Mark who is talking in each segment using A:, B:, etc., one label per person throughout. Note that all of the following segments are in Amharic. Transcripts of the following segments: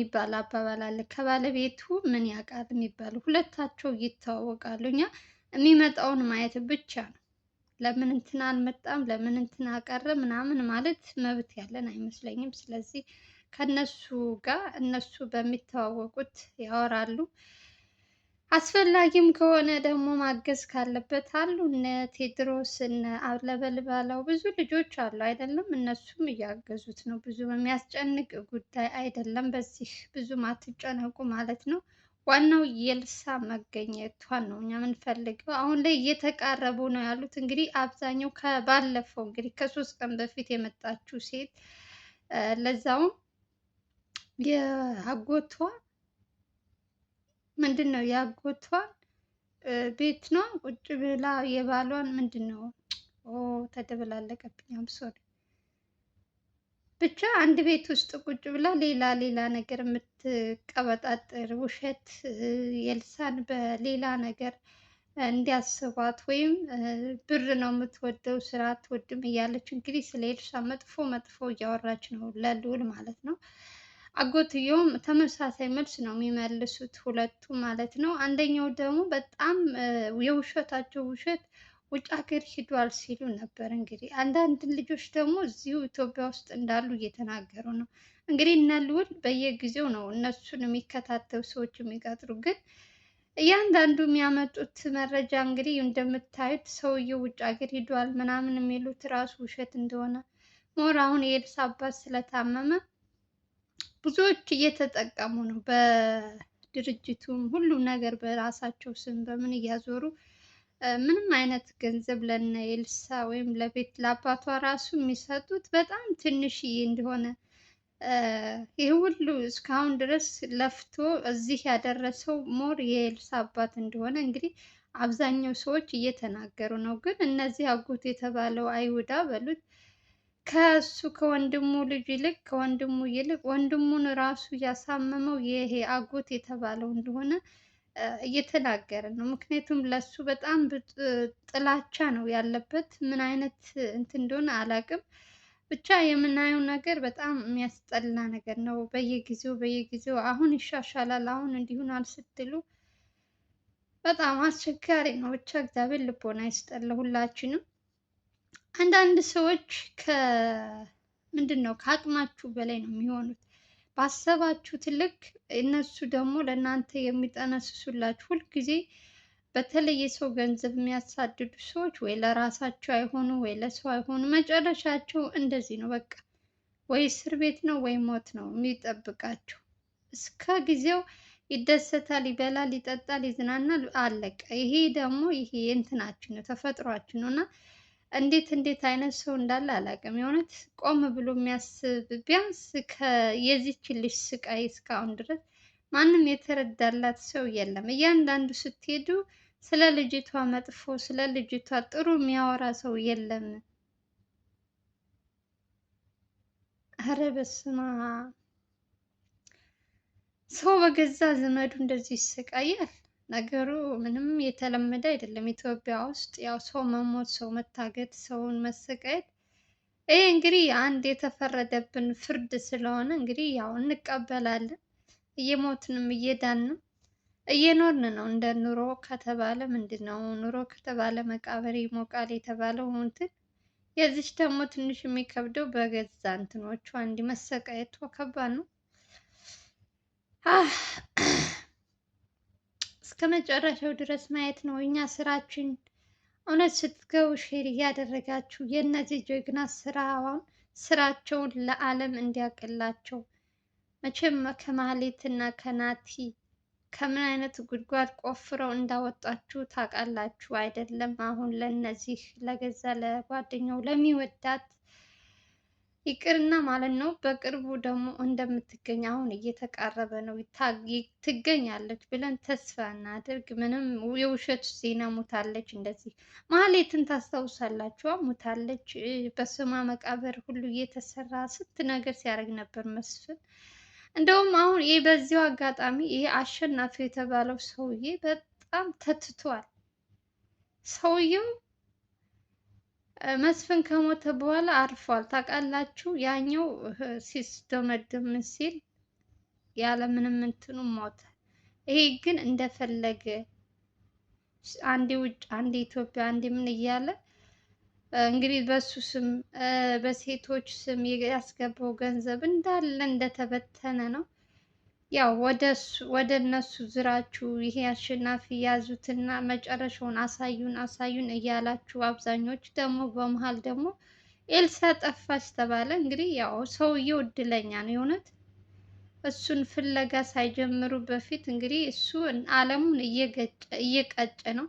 A: የሚባል አባባል አለ። ከባለቤቱ ምን ያውቃል የሚባል ሁለታቸው ይተዋወቃሉ። እኛ የሚመጣውን ማየት ብቻ ነው። ለምን እንትን አልመጣም፣ ለምን እንትን አቀረ ምናምን ማለት መብት ያለን አይመስለኝም። ስለዚህ ከነሱ ጋር እነሱ በሚተዋወቁት ያወራሉ። አስፈላጊም ከሆነ ደግሞ ማገዝ ካለበት አሉ እነ ቴድሮስ እነ አለበልባላው ብዙ ልጆች አሉ አይደለም። እነሱም እያገዙት ነው። ብዙ የሚያስጨንቅ ጉዳይ አይደለም። በዚህ ብዙም አትጨነቁ ማለት ነው። ዋናው የልሳ መገኘቷን ነው እኛ የምንፈልገው። አሁን ላይ እየተቃረቡ ነው ያሉት። እንግዲህ አብዛኛው ከባለፈው እንግዲህ ከሶስት ቀን በፊት የመጣችው ሴት ለዛውም የአጎቷ ምንድን ነው ያጎቷን ቤት ነው ቁጭ ብላ የባሏን ምንድን ነው ተደበላለቀብኝ። አምሶሪ ብቻ አንድ ቤት ውስጥ ቁጭ ብላ ሌላ ሌላ ነገር የምትቀበጣጥር ውሸት የልሳን በሌላ ነገር እንዲያስቧት ወይም ብር ነው የምትወደው ስራ አትወድም እያለች እንግዲህ ስለ ኤልሳ መጥፎ መጥፎ እያወራች ነው ለልዑል ማለት ነው። አጎትየውም ተመሳሳይ መልስ ነው የሚመልሱት ሁለቱ ማለት ነው። አንደኛው ደግሞ በጣም የውሸታቸው ውሸት ውጭ ሀገር ሂዷል ሲሉ ነበር። እንግዲህ አንዳንድ ልጆች ደግሞ እዚሁ ኢትዮጵያ ውስጥ እንዳሉ እየተናገሩ ነው። እንግዲህ እነ ልዑል በየጊዜው ነው እነሱን የሚከታተሉ ሰዎች የሚቀጥሩ። ግን እያንዳንዱ የሚያመጡት መረጃ እንግዲህ እንደምታዩት ሰውየው ውጭ ሀገር ሂዷል ምናምን የሚሉት ራሱ ውሸት እንደሆነ ሞር አሁን የኤልሳ አባት ስለታመመ ብዙዎች እየተጠቀሙ ነው። በድርጅቱም ሁሉም ነገር በራሳቸው ስም በምን እያዞሩ ምንም አይነት ገንዘብ ለነ ኤልሳ ወይም ለቤት ለአባቷ ራሱ የሚሰጡት በጣም ትንሽዬ እንደሆነ ይህ ሁሉ እስካሁን ድረስ ለፍቶ እዚህ ያደረሰው ሞር የኤልሳ አባት እንደሆነ እንግዲህ አብዛኛው ሰዎች እየተናገሩ ነው። ግን እነዚህ አጎት የተባለው አይሁዳ በሉት ከሱ ከወንድሙ ልጅ ይልቅ ከወንድሙ ይልቅ ወንድሙን ራሱ ያሳመመው ይሄ አጎት የተባለው እንደሆነ እየተናገረ ነው። ምክንያቱም ለሱ በጣም ጥላቻ ነው ያለበት። ምን አይነት እንትን እንደሆነ አላውቅም። ብቻ የምናየው ነገር በጣም የሚያስጠላ ነገር ነው። በየጊዜው በየጊዜው አሁን ይሻሻላል፣ አሁን እንዲሆናል ስትሉ በጣም አስቸጋሪ ነው። ብቻ እግዚአብሔር ልቦና ይስጠን ለሁላችንም። አንዳንድ ሰዎች ከምንድን ነው ከአቅማችሁ በላይ ነው የሚሆኑት። ባሰባችሁት ልክ እነሱ ደግሞ ለእናንተ የሚጠነስሱላችሁ ሁልጊዜ በተለየ ሰው ገንዘብ የሚያሳድዱ ሰዎች ወይ ለራሳቸው አይሆኑ ወይ ለሰው አይሆኑ። መጨረሻቸው እንደዚህ ነው በቃ ወይ እስር ቤት ነው ወይ ሞት ነው የሚጠብቃቸው። እስከ ጊዜው ይደሰታል፣ ይበላል፣ ይጠጣል፣ ይዝናናል፣ አለቀ። ይሄ ደግሞ ይሄ እንትናችን ነው ተፈጥሯችን ነው እና እንዴት እንዴት አይነት ሰው እንዳለ አላውቅም። የእውነት ቆም ብሎ የሚያስብ ቢያንስ የዚች ልጅ ስቃይ እስካሁን ድረስ ማንም የተረዳላት ሰው የለም። እያንዳንዱ ስትሄዱ ስለ ልጅቷ መጥፎ፣ ስለ ልጅቷ ጥሩ የሚያወራ ሰው የለም። ኧረ በስመ አብ! ሰው በገዛ ዘመዱ እንደዚህ ይሰቃያል። ነገሩ ምንም የተለመደ አይደለም። ኢትዮጵያ ውስጥ ያው ሰው መሞት፣ ሰው መታገድ፣ ሰውን መሰቃየት ይህ እንግዲህ አንድ የተፈረደብን ፍርድ ስለሆነ እንግዲህ ያው እንቀበላለን። እየሞትንም እየዳንም እየኖርን ነው። እንደ ኑሮ ከተባለ ምንድን ነው ኑሮ ከተባለ መቃብር ይሞቃል የተባለው እንትን የዚች ደግሞ ትንሽ የሚከብደው በገዛ እንትኖቿ እንዲህ መሰቃየቷ ከባድ ነው። እስከ መጨረሻው ድረስ ማየት ነው እኛ ስራችን። እውነት ስትገቡ ሼር እያደረጋችሁ የእነዚህ ጀግና ስራውን ስራቸውን ለዓለም እንዲያቅላቸው መቼም ከማህሌት ከናቲ ከምን አይነት ጉድጓድ ቆፍረው እንዳወጣችሁ ታውቃላችሁ አይደለም? አሁን ለእነዚህ ለገዛ ለጓደኛው ለሚወዳት ይቅርና ማለት ነው በቅርቡ ደግሞ እንደምትገኝ አሁን እየተቃረበ ነው ትገኛለች ብለን ተስፋ እናድርግ። ምንም የውሸት ዜና ሙታለች እንደዚህ ማህሌትን ታስታውሳላችኋ? ሙታለች? በስማ መቃብር ሁሉ እየተሰራ ስንት ነገር ሲያደርግ ነበር መስፍን። እንደውም አሁን ይህ በዚሁ አጋጣሚ ይህ አሸናፊ የተባለው ሰውዬ በጣም ተትቷል ሰውየው መስፍን ከሞተ በኋላ አርፏል። ታውቃላችሁ ያኛው ሲስደመደም ሲል ያለ ምንም እንትኑ ሞተ። ይሄ ግን እንደፈለገ አንዴ ውጭ፣ አንዴ ኢትዮጵያ፣ አንዴ ምን እያለ እንግዲህ በሱ ስም በሴቶች ስም ያስገባው ገንዘብ እንዳለ እንደተበተነ ነው። ያው ወደ እነሱ ዝራችሁ ይሄ አሸናፊ ያዙትና መጨረሻውን አሳዩን አሳዩን እያላችሁ አብዛኞቹ ደግሞ በመሀል ደግሞ ኤልሳ ጠፋች ተባለ። እንግዲህ ያው ሰውየው እድለኛ ነው የሆነት እሱን ፍለጋ ሳይጀምሩ በፊት እንግዲህ እሱ ዓለሙን እየቀጨ ነው።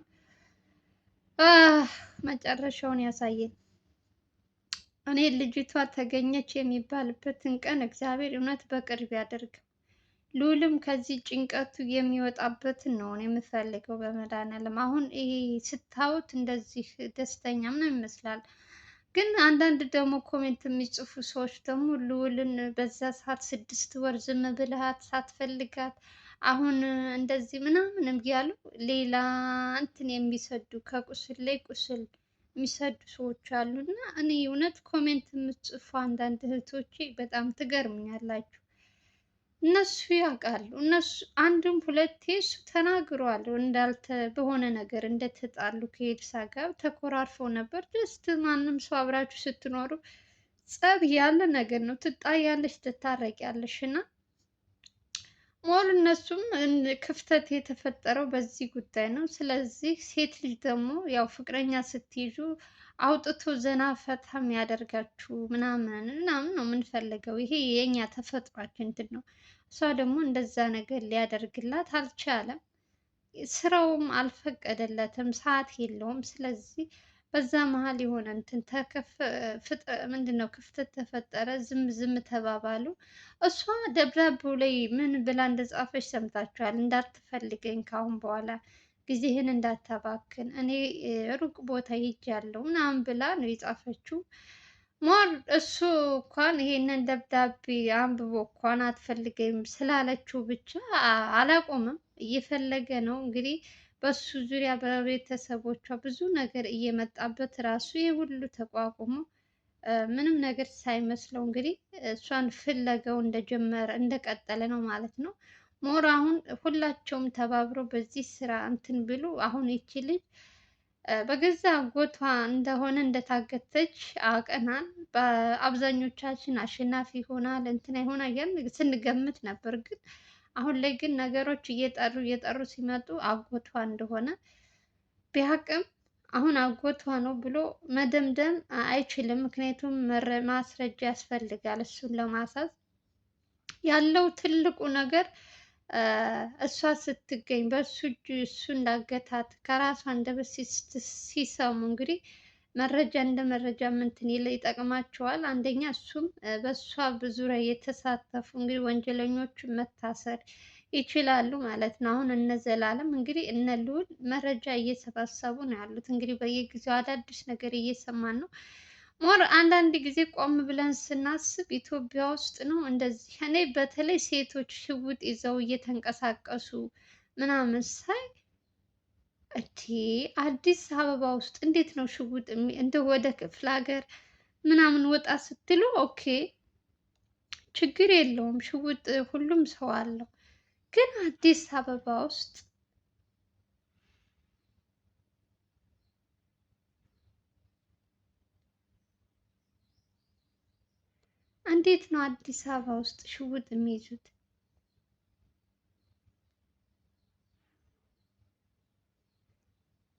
A: መጨረሻውን ያሳየን። እኔ ልጅቷ ተገኘች የሚባልበትን ቀን እግዚአብሔር እውነት በቅርብ ያደርገው። ሉልም ከዚህ ጭንቀቱ የሚወጣበትን ነው የምፈልገው። በመድኃኒዓለም አሁን ይሄ ስታዩት እንደዚህ ደስተኛ ነው ይመስላል። ግን አንዳንድ ደግሞ ኮሜንት የሚጽፉ ሰዎች ደግሞ ልዑልን በዛ ሰዓት ስድስት ወር ዝም ብልሃት ሳትፈልጋት አሁን እንደዚህ ምናምን እያሉ ሌላ እንትን የሚሰዱ ከቁስል ላይ ቁስል የሚሰዱ ሰዎች አሉ እና እኔ እውነት ኮሜንት የምትጽፉ አንዳንድ እህቶቼ በጣም ትገርሙኛላችሁ። እነሱ ያውቃሉ። እነሱ አንድም ሁለቴ እሱ ተናግሯል። እንዳልተ በሆነ ነገር እንደተጣሉ ከኤልሳ ጋር ተኮራርፈው ነበር። ደስት ማንም ሰው አብራችሁ ስትኖሩ ጸብ ያለ ነገር ነው። ትጣያለሽ፣ ትታረቂያለሽ እና ሞር እነሱም ክፍተት የተፈጠረው በዚህ ጉዳይ ነው። ስለዚህ ሴት ልጅ ደግሞ ያው ፍቅረኛ ስትይዙ አውጥቶ ዘና ፈታ የሚያደርጋችሁ ምናምን ምናምን ነው የምንፈልገው። ይሄ የኛ ተፈጥሯችን እንትን ነው። እሷ ደግሞ እንደዛ ነገር ሊያደርግላት አልቻለም። ስራውም አልፈቀደለትም፣ ሰዓት የለውም። ስለዚህ በዛ መሀል የሆነ እንትን ምንድን ነው ክፍተት ተፈጠረ። ዝም ዝም ተባባሉ። እሷ ደብዳቤው ላይ ምን ብላ እንደጻፈች ሰምታችኋል። እንዳትፈልገኝ ካሁን በኋላ ጊዜህን እንዳታባክን እኔ ሩቅ ቦታ ሄጃለሁ ምናምን ብላ ነው የጻፈችው። ሞር እሱ እንኳን ይሄንን ደብዳቤ አንብቦ እንኳን አትፈልገኝም ስላለችው ብቻ አላቆምም፣ እየፈለገ ነው እንግዲህ በሱ ዙሪያ በቤተሰቦቿ ብዙ ነገር እየመጣበት ራሱ የሁሉ ተቋቁሞ ምንም ነገር ሳይመስለው እንግዲህ እሷን ፍለገው እንደጀመረ እንደቀጠለ ነው ማለት ነው። ሞር አሁን ሁላቸውም ተባብረው በዚህ ስራ እንትን ብሉ። አሁን ይቺ ልጅ በገዛ ጎቷ እንደሆነ እንደታገተች አውቀናል። በአብዛኞቻችን አሸናፊ ሆናል እንትና ሆና ስንገምት ነበር ግን አሁን ላይ ግን ነገሮች እየጠሩ እየጠሩ ሲመጡ አጎቷ እንደሆነ ቢያቅም አሁን አጎቷ ነው ብሎ መደምደም አይችልም። ምክንያቱም ማስረጃ ያስፈልጋል እሱን ለማሳዝ ያለው ትልቁ ነገር እሷ ስትገኝ በእሱ እጅ እሱ እንዳገታት ከራሷ አንደበት ሲሰሙ እንግዲህ መረጃ እንደ መረጃ ምንትን ይጠቅማቸዋል። አንደኛ እሱም በእሷ ዙሪያ የተሳተፉ እንግዲህ ወንጀለኞቹ መታሰር ይችላሉ ማለት ነው። አሁን እነ ዘላለም እንግዲህ እነ ልዑል መረጃ እየሰባሰቡ ነው ያሉት። እንግዲህ በየጊዜው አዳዲስ ነገር እየሰማን ነው። ሞር አንዳንድ ጊዜ ቆም ብለን ስናስብ ኢትዮጵያ ውስጥ ነው እንደዚህ። እኔ በተለይ ሴቶች ሽውጥ ይዘው እየተንቀሳቀሱ ምናምን ሳይ እቲ አዲስ አበባ ውስጥ እንዴት ነው ሽጉጥ እንደ ወደ ክፍለ ሀገር ምናምን ወጣ ስትሉ ኦኬ ችግር የለውም ሽጉጥ ሁሉም ሰው አለው። ግን አዲስ አበባ ውስጥ እንዴት ነው አዲስ አበባ ውስጥ ሽጉጥ የሚይዙት?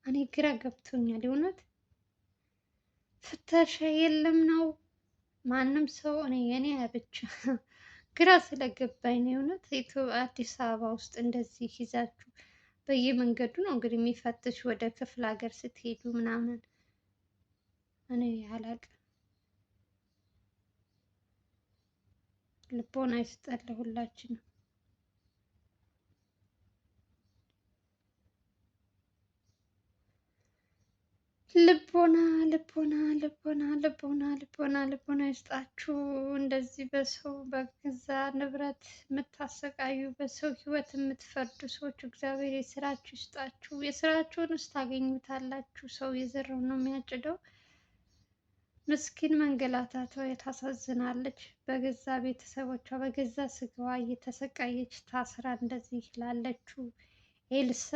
A: እኔ ግራ ገብቶኛል። የእውነት ፍተሻ የለም ነው ማንም ሰው እኔ የኔ ብቻ ግራ ስለገባኝ ነው የእውነት አዲስ አበባ ውስጥ እንደዚህ ይዛችሁ በየመንገዱ ነው እንግዲህ የሚፈትሽ ወደ ክፍለ ሀገር ስትሄዱ ምናምን እኔ አላቅም። ልቦና ይስጠን ለሁላችንም። ልቦና ልቦና ልቦና ልቦና ልቦና ልቦና ይስጣችሁ። እንደዚህ በሰው በገዛ ንብረት የምታሰቃዩ በሰው ሕይወት የምትፈርዱ ሰዎች እግዚአብሔር የስራችሁ ይስጣችሁ። የስራችሁንስ ታገኙታላችሁ። ሰው የዘራው ነው የሚያጭደው። ምስኪን መንገላታቷ ታሳዝናለች። በገዛ ቤተሰቦቿ በገዛ ስጋዋ እየተሰቃየች ታስራ እንደዚህ ላለችው ኤልሳ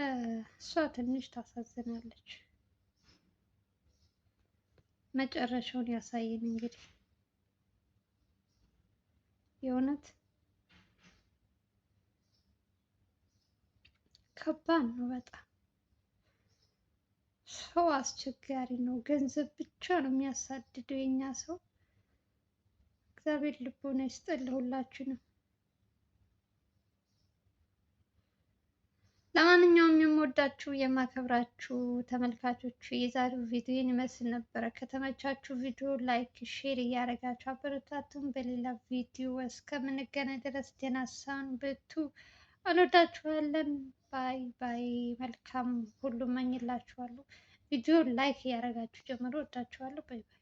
A: እሷ ትንሽ ታሳዝናለች። መጨረሻውን ያሳየን እንግዲህ የእውነት ከባድ ነው በጣም ሰው አስቸጋሪ ነው። ገንዘብ ብቻ ነው የሚያሳድደው የኛ ሰው። እግዚአብሔር ልቦና ይስጠን ለሁላችንም። ለማንኛውም የምወዳችሁ የማከብራችሁ ተመልካቾች የዛሬው ይህን ይመስል ነበረ። ከተመቻችሁ ቪዲዮ ላይክ፣ ሼር እያደረጋችሁ አበረታቱን። በሌላ ቪዲዮ እስከምንገናኝ ድረስ ደህና ሰንብቱ። እንወዳችኋለን። ባይ ባይ። መልካም ሁሉ መኝላችኋለሁ። ቪዲዮ ላይክ እያደረጋችሁ ጀምሮ እወዳችኋለሁ። ባይ ባይ።